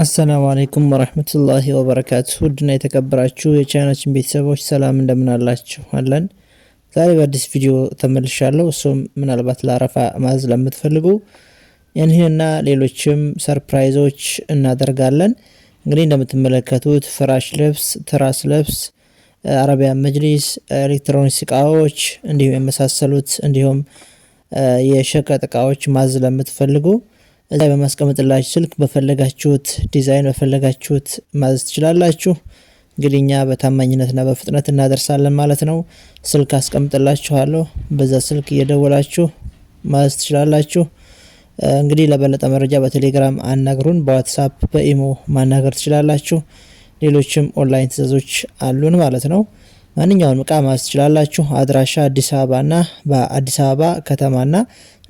አሰላሙ አለይኩም ወረህመቱላሂ ወበረካቱ ውድና የተከበራችሁ የቻይናችን ቤተሰቦች ሰላም እንደምናላችሁ አለን። ዛሬ በአዲስ ቪዲዮ ተመልሻለሁ። እሱም ምናልባት ለአረፋ ማዝ ለምትፈልጉ ይህንና ሌሎችም ሰርፕራይዞች እናደርጋለን። እንግዲህ እንደምትመለከቱት ፍራሽ ልብስ፣ ትራስ ልብስ፣ አረቢያን መጅሊስ፣ ኤሌክትሮኒክስ እቃዎች እንዲሁም የመሳሰሉት እንዲሁም የሸቀጥ እቃዎች ማዝ ለምትፈልጉ በዛ በማስቀመጥላችሁ ስልክ በፈለጋችሁት ዲዛይን በፈለጋችሁት ማዘዝ ትችላላችሁ። እንግዲህ እኛ በታማኝነትና በፍጥነት እናደርሳለን ማለት ነው። ስልክ አስቀምጥላችኋለሁ። በዛ ስልክ እየደወላችሁ ማዘዝ ትችላላችሁ። እንግዲህ ለበለጠ መረጃ በቴሌግራም አናግሩን፣ በዋትሳፕ በኢሞ ማናገር ትችላላችሁ። ሌሎችም ኦንላይን ትዕዛዞች አሉን ማለት ነው። ማንኛውንም እቃ ማዘዝ ትችላላችሁ። አድራሻ አዲስ አበባና በአዲስ አበባ ከተማና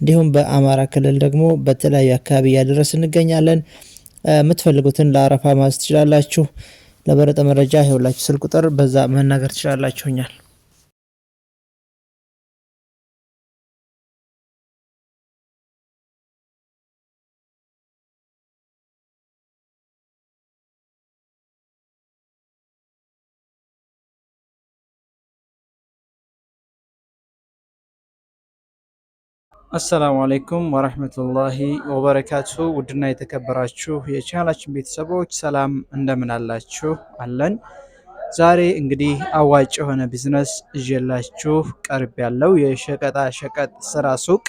እንዲሁም በአማራ ክልል ደግሞ በተለያዩ አካባቢ እያደረስ እንገኛለን። የምትፈልጉትን ለአረፋ ማዘዝ ትችላላችሁ። ለበረጠ መረጃ ይኸውላችሁ ስልክ ቁጥር በዛ መናገር ትችላላችሁኛል። አሰላሙ አለይኩም ወረህመቱላሂ ወበረካቱ። ውድና የተከበራችሁ የቻናላችን ቤተሰቦች ሰላም እንደምን አላችሁ? አለን። ዛሬ እንግዲህ አዋጭ የሆነ ቢዝነስ እዤላችሁ ቀርብ ያለው የሸቀጣ ሸቀጥ ስራ ሱቅ